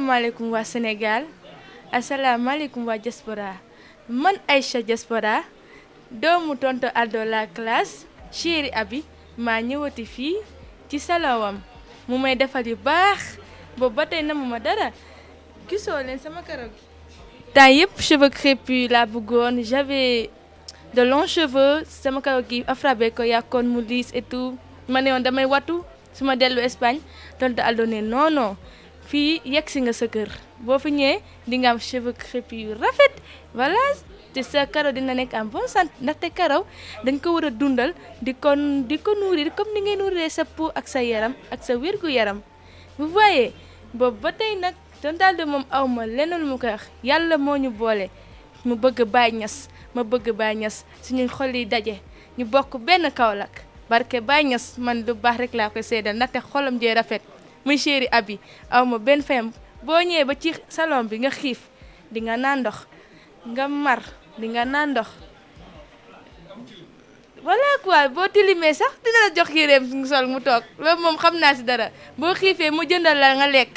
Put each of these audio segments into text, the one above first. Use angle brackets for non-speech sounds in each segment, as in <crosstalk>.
asalaamaaleykum waa Sénégal asalaamaaleykum waa diaspora man Aïcha diaspora doomu tonto Aldo la classe chéri abi maa ñëwati fii ci salawam mu may defal yu baax boobu tey namu ma dara gisoo leen sama karaw gi temps yëpp cheveux crépus laa bëggoon j'avais de longs cheveux sama karaw gi afrabe ko yàkkoon mu liis et ma ne woon damay wattu su ma dellu Espagne tonto Aldo ne non fii yegg si nga sa kër boo fi ñëwee di nga am cheveux crépus yu rafet voilà te sa karaw dina nekk en bon santé ndaxte karaw dañ ko war a dundal di kon di ko nuuri comme ni ngay nourrir sa peau ak sa yaram ak sa wér yaram bu voyez boobu ba tey nag tontal de moom aw ma leneen mu ko wax yàlla moo ñu boole mu bëgg Baay Ñas ma bëgg Baay Ñas suñu xol yi daje ñu bokk benn Kaolack barke Baay Ñas man lu baax rek laa koy seedal ndaxte xolam jee rafet muy chéri abi aw ma benn fem boo ñëwee ba ci salon bi nga xiif di nga naan ndox nga mar di nga naan ndox voilà quoi boo tilimee sax dina la jox yéreem mu sol mu toog loolu moom xam naa si dara boo xiifee mu jëndal la nga lekk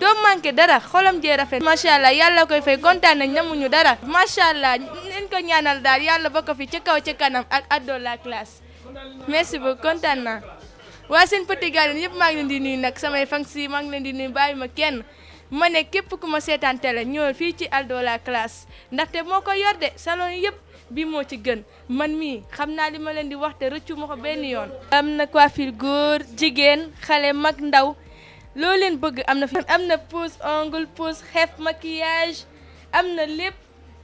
doo manqué dara xolam jee rafet macha allah yàlla koy fay kontaan nañ namuñu dara macha allah nañ ko ñaanal daal yàlla ba ko fii ca kaw ca kanam ak addo la classe merci beaucoup kontaan naa waa seen petit gardien yëpp maa ngi leen di nag samay fan si maa leen di bàyyi ma kenn ma ne képp ku ma seetaan télé ñëwal fii ci Aldo la classe ndaxte moo ko yor de salon yëpp bi moo ci gën man mii xam naa li ma leen di waxte te rëccu ma ko benn yoon. am na coiffure góor jigéen xale mag ndaw loo bëgg am na fi am na pose ongle pose xef maquillage am na lépp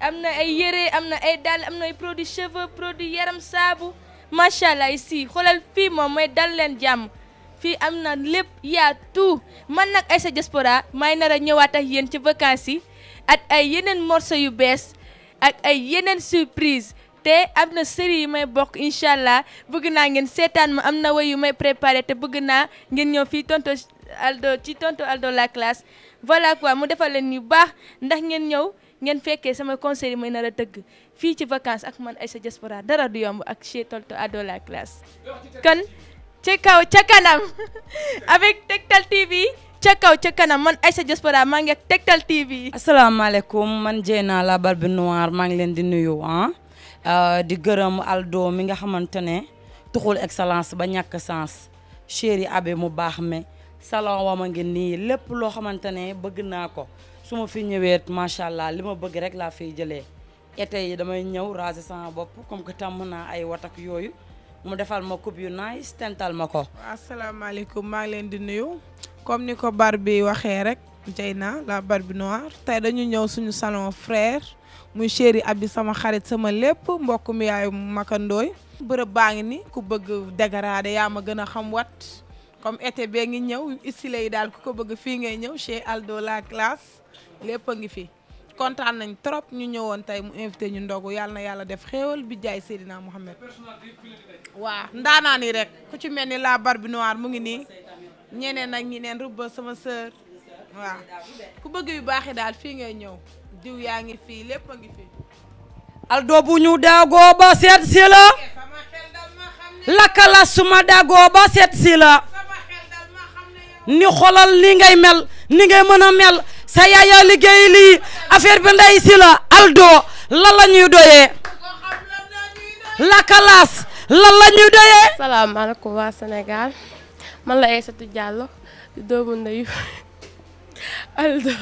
am na ay yére am na ay dal am na ay produits cheveux produits yaram saabu. macha allah ici xoolal fii moom may dal leen jàmm fii am na lépp yaa tu man nag Aïcha Diaspora may nara a ñëwaat ak yéen ci vacances yi ak ay yeneen morceaux yu bees ak ay yeneen surprise te am na série yu may bokk incha allah bëgg naa ngeen seetaan ma am na way yu may préparé te bëgg naa ngeen ñëw fii tonto Aldo ci tonto Aldo la classe voilà quoi mu defal leen yu baax ndax ngeen ñëw ngeen fekkee sama conseil yi may nar tëgg fii ci vacances ak man Aïcha Diaspora dara du yomb ak chez Tolto Ado la classe kon ca kaw ca kanam <laughs> avec Tektal TV ca kaw ca kanam man Aïcha Diaspora maa ngi ak Tektal TV. asalaamaaleykum man Dieyna la barbe noire maa ngi leen di nuyu ah euh, di gërëm Aldo mi nga xamante ne tuxul excellence ba ñàkk sens chéri abe mu baax me salon wa ma ngi nii lépp loo xamante ne bëgg naa ko su ma fi ñëwee macha allah li ma bëgg rek laa fi jëlee. été yi damay ñëw raser sama bopp comme que tàmm naa ay watak yooyu mu defal ma coupe yu nice tental ma ko. asalaamaaleykum maa ngi leen di nuyu comme ni ko bi waxee rek naa la bi noire te dañu ñëw suñu salon frère muy chéri abi sama xarit sama lépp mbokk mi yaayu makandooy bërëb baa ngi ni ku bëgg dégradé yaa ma gën a xam wat comme été bee ngi ñëw isile yi daal ku ko bëgg fii ngay ñëw chez Aldo la classe lépp a ngi fi. kontaan nañ trop ñu ñëwoon tey mu invité ñu ndogu yàlla na yàlla def xéewal bi jaay Seydina Mouhamed waaw ndaanaa ni rek ku ci mel ni la bi Noire mu ngi nii ñeneen ak ñeneen rubba sama sœur waaw ku bëgg yu baax daal fii ngay ñëw diw yaa ngi fii lépp a ngi fii aldo bu ñu daagoo ba seet si la lakala suma daagoo ba seet si la ni xolal ni ngay mel ni ngay mën a mel sa yaay yaa liggéey lii affaire bi nday si la aldo lan la ñuy doyee la kalaas la ñuy doyee <laughs> aldo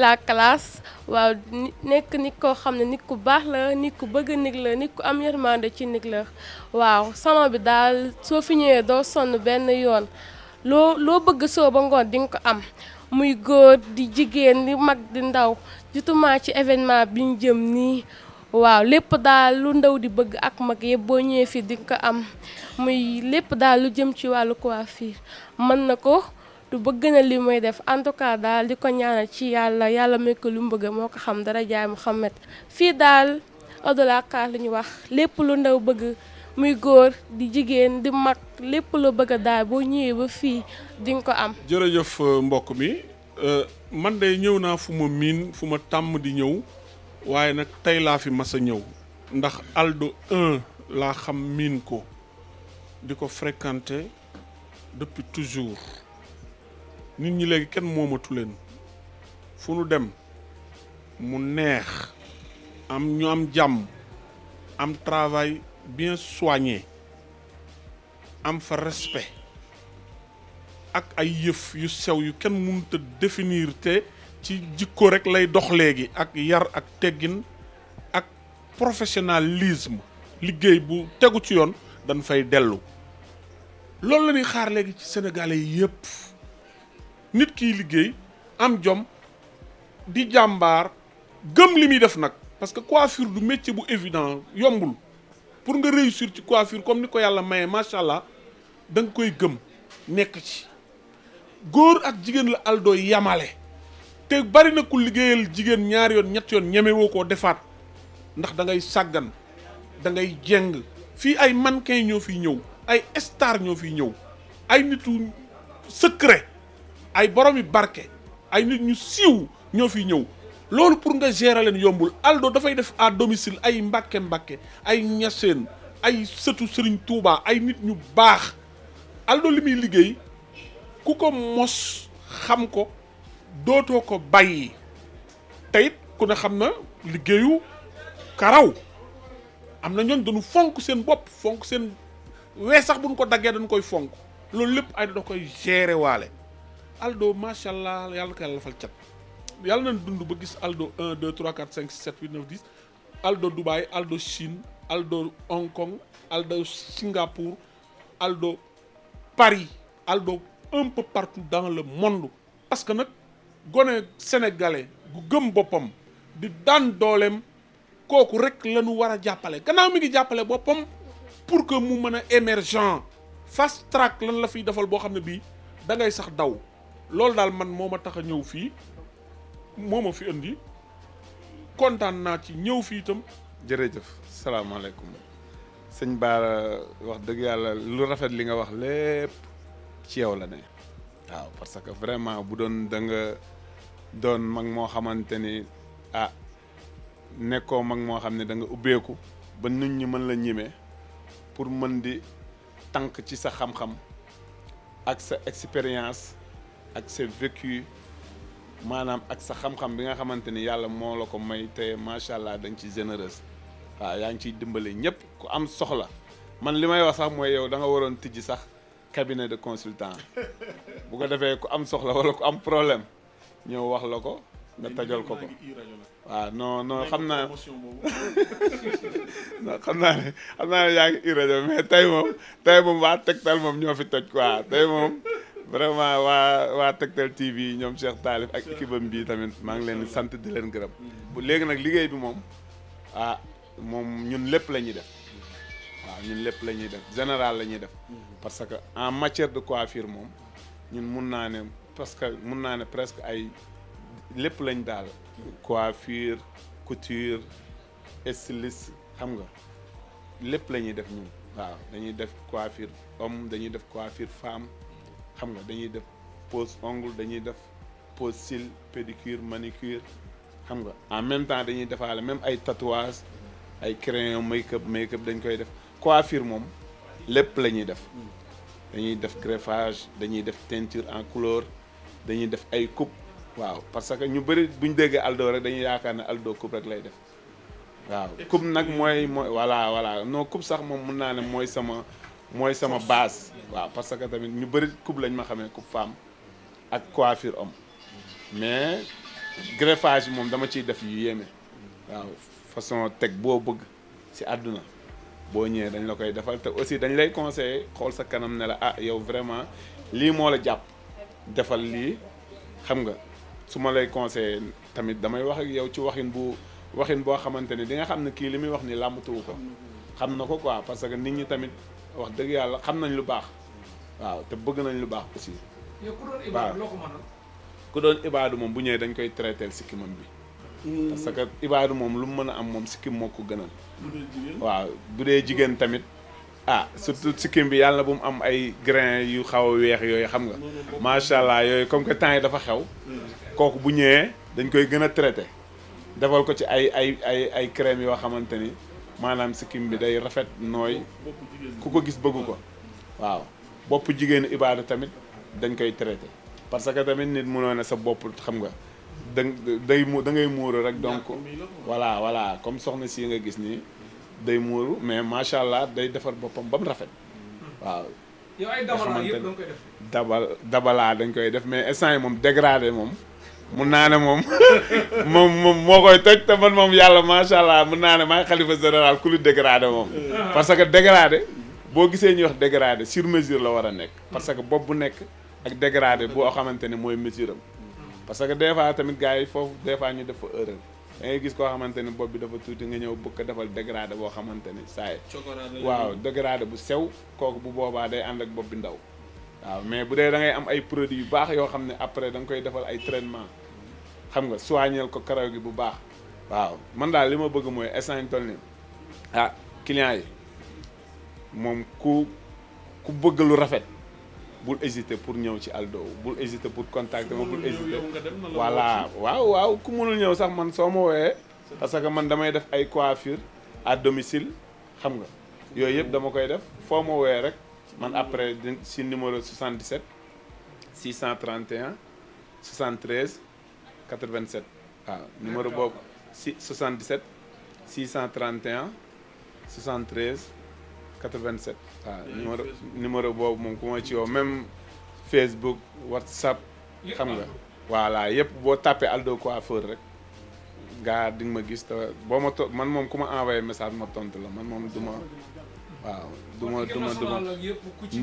la classe waaw nekk nit ko xam ne nit ku baax la nit ku bëgg nit la nit ku am yërmande ci nit la waaw salon bi daal soo fi ñëwee doo sonn benn yoon loo loo bëgg soo ba ngoon di ko am muy góor di jigéen di mag di ndaw jutuma ci événement bi jëm nii waaw lépp daal lu ndaw di bëgg ak mag yëpp boo ñëwee fii di ko am muy lépp daal lu jëm ci wàllu fii mën na ko lu bëgg na lii muy def en tout daal di ko ñaanal ci yàlla yàlla may ko lu mu bëgg moo ko xam dara jaay Muhammad fii daal Hors de la case wax lépp lu ndaw bëgg muy góor di jigéen di mag lépp la bëgg a daal boo ñëwee ba fii di ko am. jërëjëf euh, mbokk mi euh, man de ñëw naa fu ma miin fu ma tàmm di ñëw waaye nag tey laa fi mas a ñëw ndax Aldo 1 laa xam miin ko di ko fréquenter depuis toujours nit ñi léegi kenn moomatu leen fu nu dem mu neex am ñu am jàmm am travail bien soigné. am fa respect ak ay yëf yu sew yu kenn mënut a définir te ci jikko rek lay dox léegi ak yar ak teggin ak professionnalisme liggéey bu tegu ci yoon dañ fay dellu loolu la ñuy xaar léegi ci sénégalais yëpp nit kiy liggéey am jom di jàmbaar gëm li muy def nag parce que coiffure du métier bu évident yombul pour nga réussir ci coiffure comme ni ko yàlla maye macha allah da nga koy gëm nekk ci góor ak jigéen la Aldo yamale te bari na ku liggéeyal jigéen ñaari yoon ñett yoon ñemewoo koo defaat ndax dangay sàggan da ngay jeng fii ay manke ñoo fiy ñëw ay star ñoo fiy ñëw ay nitu secret ay boromi barke ay nit ñu siiw ñoo fiy ñëw loolu pour nga geraleen yombul Aldo dafay def à domicile ay mbakke mbàkke ay ñaseen ay sëtu sëriñ Touba ay nit ñu baax Aldo li muy liggéey ku ko mos xam ko dootoo ko bàyyi teyit ku ne xam na liggéeyu karaw am na ñooñ dañu fonk seen bopp fonk seen wee sax buñ ko daggee dañ koy fonk loolu lépp ay da koy gérer waale Aldo macha allah yàlla ko yàlla fal cat yàlla na dund ba gis Aldo 1 2 3 4 5 6 7 8 9 10 Aldo Chine Aldo Hong Kong Aldo Singapour Aldo Paris Aldo un peu partout dans le monde parce que nag gone sénégalais gu gëm boppam di daan dooleem kooku rek la ñu war a jàppale gannaaw mi ngi jàppale boppam pour que mu mën a émergent fast track lan la fi defal boo xam ne bii da ngay sax daw loolu daal man moo ma tax a ñëw fii moo ma fi indi kontaan naa ci ñëw fii itam. jërëjëf salaamaaleykum sëñ Baara wax dëgg yàlla lu rafet li nga wax lépp ci yow la ne waaw parce que vraiment bu doon da nga doon mag moo xamante ni ah nekkoo mag moo xam ne da nga ubbeeku ba nit ñi mën la ñemee pour mën di tànk ci sa xam-xam ak sa expérience ak sa vécu. maanaam ak sa xam-xam bi nga xamante ni yàlla moo la ko may te macha allah da nga ci généreuse waaw yaa ngi ciy dimbale ñëpp ku am soxla man li may wax sax mooy yow da waroon tijji sax cabinet de consultant bu ko defee ku am soxla wala ku am problème ñëw wax la ko nga tajal ko ko waaw non non xam naa <laughs> non xam naa ne xam naa ne yaa ngi urajo mais tey moom tey moom waa Tektal moom ñoo fi toj quoi tey moom vraiment waa waa Tektal TV ñoom Cheikh Talif ak équipe am bii tamit maa ngi leen di sant di leen gërëm. léegi nag liggéey bi moom ah moom ñun lépp la ñuy def waaw ñun lépp la ñuy def général la ñuy def. parce que en matière de coiffure moom ñun mun naa ne parce que mun naa ne presque ay lépp lañ daal. coiffure couture styliste xam nga lépp la ñuy def ñun. waaw dañuy def coiffure homme dañuy def coiffure femme. xam nga dañuy def pose ongle dañuy def pose cils pédicure manicure xam nga en même temps dañuy defaale même ay tatouage ay crayon make up make up dañ koy def coiffure moom lépp la ñuy def dañuy def greffage dañuy def teinture en couleur dañuy def ay coupe waaw parce que ñu bëri bu ñu déggee Aldo rek dañu yaakaar ne Aldo coupe rek lay def waaw coupe nag mooy mooy voilà voilà non coupe sax moom mun naa ne mooy sama mooy sama base waaw parce que tamit ñu bëri coupe lañ ma xamee coupe femme ak coiffure om mais greffage bi moom dama ciy def yu yéeme waaw façon teg boo bëgg si àdduna boo ñëwee dañ la koy defal te aussi dañ lay conseiller xool sa kanam ne la ah yow vraiment lii moo la jàpp defal lii xam nga su ma lay conseiller tamit damay wax ak yow ci waxin bu waxin boo xamante ni di nga xam ne kii li muy wax ni làmbatuwu ko xam na ko quoi parce que nit ñi tamit wax dëgg yàlla xam nañ lu baax waaw te bëgg nañ lu baax aussi. yow ku doon ibaadu ku doon ibaadu moom bu ñëwee dañ koy traiteel sikkimam bi. Hmm. parce que ibaadu moom lu mu mën a am moom sikkim moo ko gënal. waaw bu dee jigéen tamit. ah surtout sikkim bi yàlla bu mu am ay grain yu xaw a weex yooyu xam nga. macha allah yooyu comme que temps yi dafa xew. Hmm. kooku bu ñëwee dañ koy gën a traité. defal ko ci ay ay ay ay crème yoo xamante ni. maanaam sikkim bi day rafet nooy ku ko gis bëgg ko waaw bopp jigéenu ibaadu tamit dañ koy traité parce que tamit nit mënoo ne sa bopp xam nga da day mu da ngay muuru rek donc voilà voilà comme soxna si nga gis nii day muuru mais macha allah day defar boppam ba rafet waaw yow dabal dabalaa dañ koy def mais instant yi moom dégradé moom mun naa ne moom <laughs> moom moom moo koy toj te man moom yàlla macha allah mun naa ne maay xalifa général ku lu dégradé moom. parce que dégradé boo gisee ñuy wax dégradé sur mesure la war a nekk. parce que bopp bu nekk ak dégradé boo xamante ne mooy mesure am. parce que des fois tamit gars yi foofu des fois ñu def fa erreur da ngay gis koo xamante ne bopp bi dafa tuuti nga ñëw bëgg ko defal dégradé boo xamante ne saa yi. waaw dégradé bu sew kooku bu boobaa day ànd ak bopp bi ndaw. waaw mais bu dee da ngay am ay produits yu baax yoo xam ne après da nga koy defal ay traitement xam nga soigneel ko karaw gi bu baax waaw man daal li ma bëgg mooy instant toll ni ah client yi moom ku ku bëgg lu rafet bul hésiter pour ñëw ci Aldo bul hésiter pour contacter ma bul hésiter voilà waaw waaw ku mënul ñëw sax man soo ma wooyee parce que man damay def ay coiffure à domicile xam nga yooyu yëpp dama koy def foo ma wooyee rek man après si numéro 77 631 73 87 waaw ah, numéro boobu si 77 631 73 87 waaw numéro numéro boobu moom ku ma ci woo même Facebook WhatsApp xam nga voilà yëpp boo tapé Aldo coiffeur rek gaa di nga ma gis te boo ma to man moom ku ma envoyé message ma tontu la man moom du ma waaw du ma du ma du ma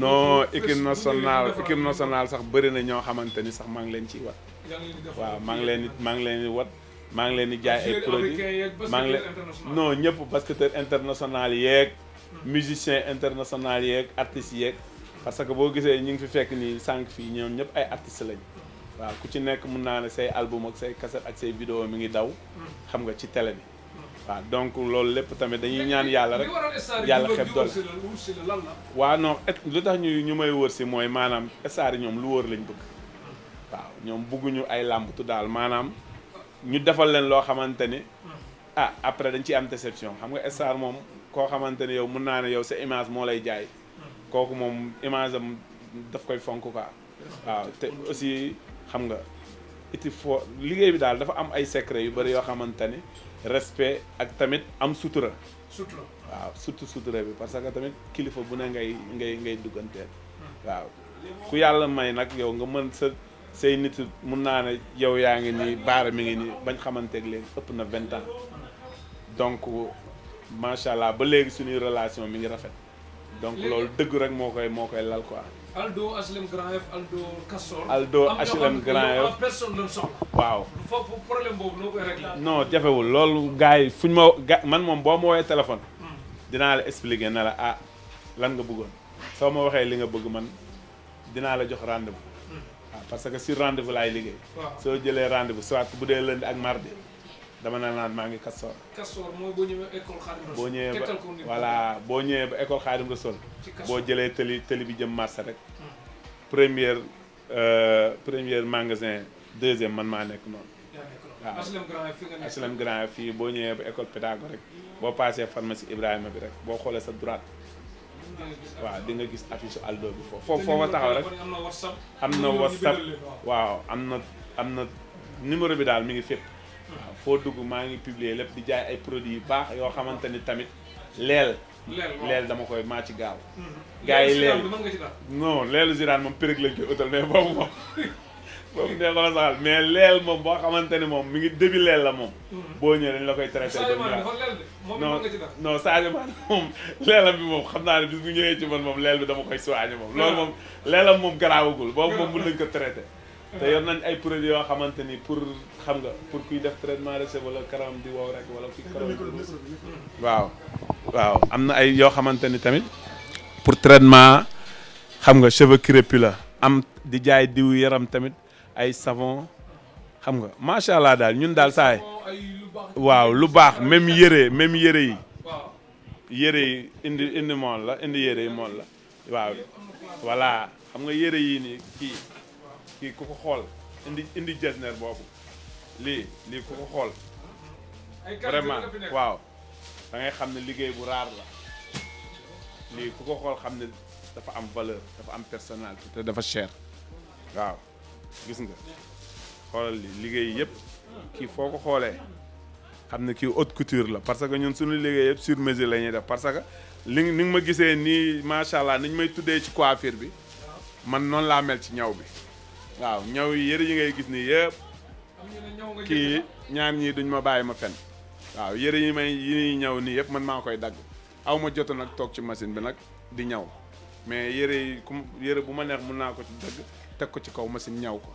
non équipe nationale équipe nationale sax bëri na ñoo xamante ni sax maa ngi leen ciy wat waaw maa ngi leen di maa ngi leen di maa ngi leen di jaay ay produits maa ngi leen non ñëpp basketteurs international yeeg hmm. musiciens international yeeg artistes yeeg parce que boo gisee ñu ngi fi fekk nii sànq fii ñoom ñëpp ay artistes lañ waaw ku ci nekk mun naa ne say album ak say cassette ak say vidéo mi ngi daw hmm. xam nga ci tele bi hmm. waaw donc loolu lépp tamit dañuy ñaan yàlla rek yàlla xeb doole waaw non lu tax ñu ñu may wër si mooy maanaam star ñoom lu wër lañ bëgg waaw ñoom bugguñu ay làmbatu daal maanaam ñu defal leen loo xamante ni ah après dañ ci am déception xam nga star moom koo xamante ne yow mun naa ne yow sa image moo lay jaay kooku moom image am daf koy fonk quoi waaw te aussi xam nga iti fo liggéey bi daal dafa am ay secret yu bëri yoo xamante ni respect ak tamit am sutura sutura waaw surtout sutura bi parce que tamit kilifa bu ne ngay ngay ngay dugganteel hmm. waaw ku yàlla may nag yow nga mën sa say nit mun naa ne yow yaa ngi nii baara mi ngi nii bañ xamanteeg léegi ëpp na vingt ans donc macha allah ba léegi suñuy relation mi ngi rafet. donc loolu dëgg rek moo koy moo koy lal quoi. Aldo HLM am waaw foofu jafewul loolu gars yi fuñ ma ga man moom boo ma woowee téléphone. Hmm. dinaa la expliquer na la ah lan nga bëggoon soo ma waxee li nga bëgg man dinaa la jox rendez-vous. Hmm. waaw ah, parce que sur rendez-vous laay liggéey. soo jëlee rendez-vous soit bu dee lundi ak mardi dama na naan maa ngi Castor. boo ñëwee ba voilà boo ñëwee ba école Xaadim Rasul. boo jëlee tëli tëli bi jëm marché rek. Hmm. première euh, première magasin deuxième man maa nekk noonu. waaw HLM Grand fi boo ñëwee ba école Pythagore rek boo paasee pharmacie Ibrahima bi rek boo xoolee sa droite. waaw di nga gis affiche Aldo bi foofu foofu taxaw rek am na whatsapp waaw am na am na numéro bi daal mi ngi fépp waaw hmm. foo dugg maa ngi publier lépp di jaay ay produits yu baax yoo xamante ni tamit leel leel dama koy maa ci gaaw hmm. gars yi leel non leelu Ziraan moom périg lañ koy utal mais boobu moom <laughs> boobu mais leel moom boo xamante ni moom mi ngi début leel la moom. Mm-hmm. boo ñëwee dañ la koy traité. moom non non Sadio Mané moom leelam bi moom xam naa ne bis bu ñëwee ci man moom leel bi dama moom. loolu ah. moom leelam moom garaawagul. boobu moom mën nañ ko traité. Ah. te yor nañ ay produits yoo xamante ni pour xam nga pour kuy def traitement de cheveux wala karam di wow rek wala kuy karam di waaw am na ay yoo xamante ni tamit pour traitement xam nga cheveux crépus la am di jaay diw yaram tamit. ay savon xam nga macha allah daal ñun daal saay waaw lu baax même yére même yére yi yére yi indi indi la indi yére yi mool la waaw voilà xam nga yére yi nii kii kii ku ko xool indi indi jesner boobu lii lii ku ko xool vraiment waaw da ngay xam ne liggéey bu raar la lii ku ko xool xam ne dafa am valeur dafa am personnalité te dafa cher waaw gis nga xoolal li liggéey yëpp kii foo ko xoolee xam ne kii haute couture la parce que ñun suñu liggéey yëpp sur mesure la ñuy def parce que li ni nga ma gisee nii macha allah ni ñu may tuddee ci coiffure bi man noonu laa mel ci ñaw bi waaw ñaw yi yëre yi ngay gis nii yëpp kii ñaar ñii duñ ma bàyyi ma fen waaw yére yi may yi ñaw nii yëpp man maa koy dagg aw ma jot nag toog ci machine bi nag di ñaw mais yére yi ku yére bu ma neex mun naa ko ci dagg teg ko ci kaw machine ñaw ko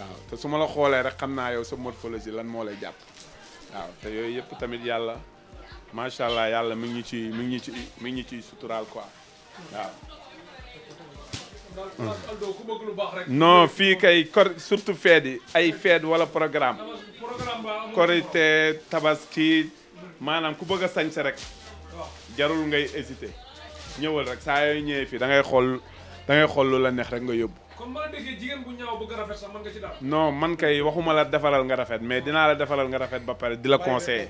waaw te su ma la xoolee rek xam naa yow sa morphologie lan moo lay jàpp waaw te yooyu yëpp tamit yàlla macha allah yàlla mi ngi ñu ci mi ngi ñu ci mi ngi ñu ciy suturaal quoi waaw. non fii kay kor surtout feet yi ay feet wala programme korite tabaski maanaam ku bëgg a sañse rek jarul ngay hésité ñëwal rek saa yooyu ñëwee fii da ngay xool da xool lu la neex rek nga yóbbu kon non man kay waxuma la defaral nga rafet mais dinaa la defaral nga rafet ba pare di la conseiller.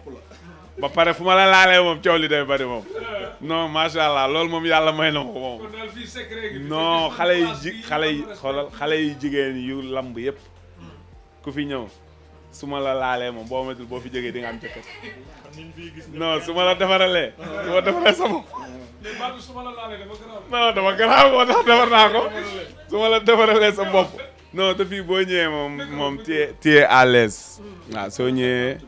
ba pare fu ma la laalee moom coow li day bari moom. non macha allah lool moom yàlla may na ko moom. non xale yi ji xale yi xoolal xale yi jigéen yu lamb yëpp. ku fi ñëw su ma la laalee moom boo matul boo fi jógee di am jëkkër. non su ma la defaralee. <laughs> su ma defaree sa non dama garaaw moo tax defar naa ko su ma la defaralee sa bopp non te fii boo ñëwee moom moom téye téye à l'aise waaw soo ñëwee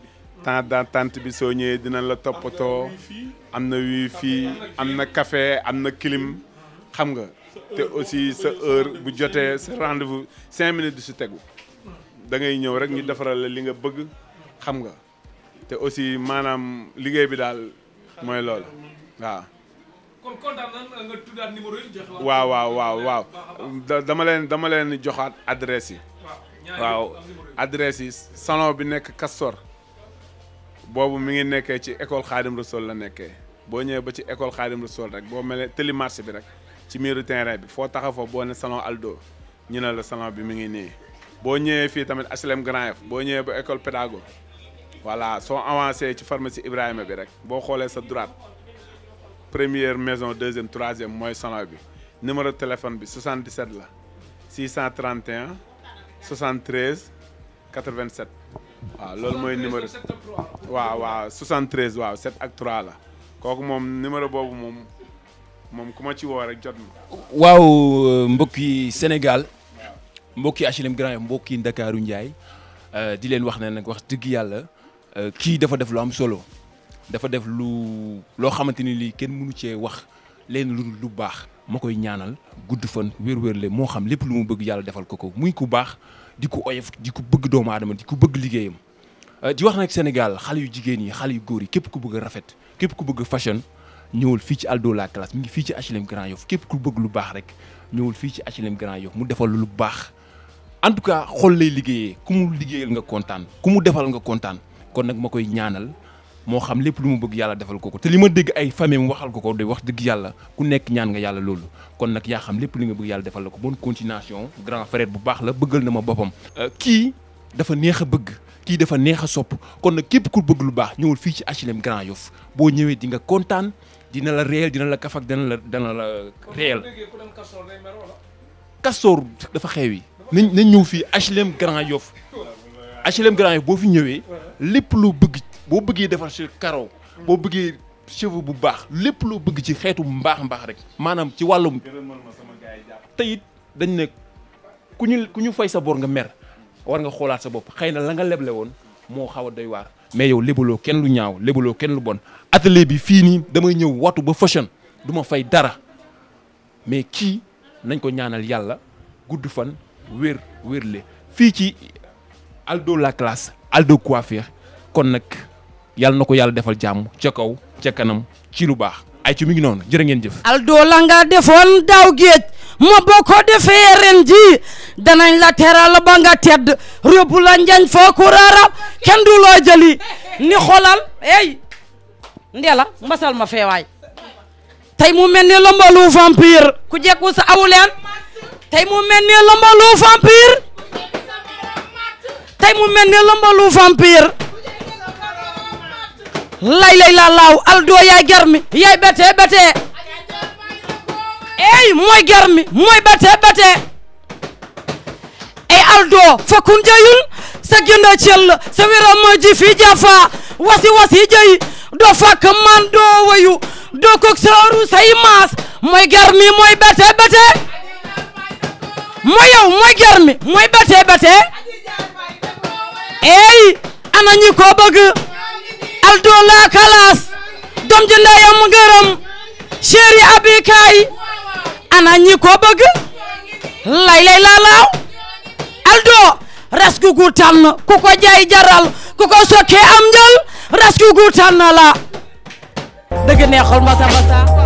tant dans tente bi soo ñëwee dinañ la toppatoo am na fii am na kafe am na kilim xam nga te aussi sa heure bu jotee sa rendez-vous cinq minutes du si tegu dangay ñëw rek ñu defaral la li nga bëgg xam nga te aussi maanaam liggéey bi daal mooy loolu waaw kon kontaan na waaw waaw waaw dama leen dama leen joxaat adresse yi. waaw adresse yi salon bi nekk kastor boobu mu ngi nekkee ci école Khadim Rassoul la nekkee boo ñëwee ba ci école Khadim Rassoul rek boo mel tëli marché bi rek ci miiru terrain bi foo taxaw fa boo ne salon Aldo ñu ne la salon bi mi ngi nii. boo ñëwee fii tamit HLM Grand F boo ñëwee ba école pédago voilà soo avancé ci pharmacie Ibrahima bi rek boo xoolee sa droite. première maison deuxième troisième mooy salon bi numéro téléphone bi 77 la 631 73 87 waaw loolu mooy numéro waaw waaw 73 waaw ak 3 la kooku moom numéro boobu moom moom ku ma ci woo rek jot ma waaw mbokki Sénégal mbokki HLM Grand Yoff mbokki Ndakaaru Ndiaye euh, di leen wax ne nag wax digg yàlla euh, kii dafa def lu am solo dafa def lu loo xamante ni lii kenn mënu cee wax leen lu lu baax ma koy ñaanal gudd fan wér-wér le moo xam lépp lu mu bëgg yàlla defal ko ko muy ku baax di ko oyof di ko bëgg doomu aadama di ko bëgg liggéeyam euh, di wax nag Sénégal xale yu jigéen yi xale yu góor yi képp ku bëgg rafet képp ku bëgg fashion ñëwul fii ci Aldo la classe mi ngi fii ci HLM Grand Yoff képp ku bëgg lu baax rek ñëwul fii ci HLM Grand Yoff mu defal lu baax en tout cas xool lay liggéeyee ku mu liggéeyal nga kontaan ku mu defal nga kontaan kon nag ma koy ñaanal moo xam lépp lu ma bëgg yàlla defal ko ko te li ma dégg ay famille mu waxal ko ko de wax dëgg yàlla ku nekk ñaan nga yàlla loolu kon nag yaa xam lépp li nga bëgg yàlla defal la ko bonne continuation grand frère bu baax la bëggal na ma boppam euh, kii dafa neex a bëgg kii dafa neex a sopp kon nag képp ku bëgg lu baax ñëwul fii ci HLM Grand Yoff boo ñëwee di nga kontaan dina la réel dina la kafak dina la dina la réel dafa xewi nañ ñëw fii HLM Grand Yoff HLM Grand Yoff boo fi ñëwee lépp lu bëgg boo bëggee defar sa karaw boo bëggee cheveux bu baax lépp loo bëgg ci xeetu mbaax mbaax rek maanaam ci wàllum te it dañ ne ku ñu ku ñu fay sa bor nga mer war nga xoolaat sa bopp xëy na la nga leble woon moo xaw a doy waar mais yow léppaloo kenn lu ñaaw lébaloo kenn lu bon atelier bi fii nii damay ñëw watu ba fashion duma fay dara mais kii nañ ko ñaanal yàlla gudd fan wér wérle fii ci Aldo la classe Aldo coiffure kon nag yàlla na ko yàlla defal jàmm ca kaw ca kanam ci lu baax ay ci mi ngi noonu jërë ngeen jëf Aldo la nga defoon daaw géej ma boo defee ren ji danañ la teral ba nga tedd rëbb la njañ foo ku raarab kenn du loo jëli ni xolal ey ndela mbasal ma feewaay tey mu mel ni lombalu vampire ku jekku sa tey mu mel ni lombalu vampire lay lay laa laaw yaay garmi yaay betee betee ey mooy garmi mooy betee betee ey aldo fakkun jeyul sa ginda cell sa wira mooy ji fi jafa wasi wasi jey do fakk man do wayu do kok sooru say maas mooy garmi mooy betee betee mooy yow mooy garmi mooy betee betee ey ana ñi ko bëgg alto la kalaas doom ji ndeyam ngërëm chéri abi kaay ana ñi ko bëgg lay lay laa laaw alto rasku gu tànn ku ko jaay jaral ku ko sokkee am njël rasku gu tànn la dëgg neexul ma sa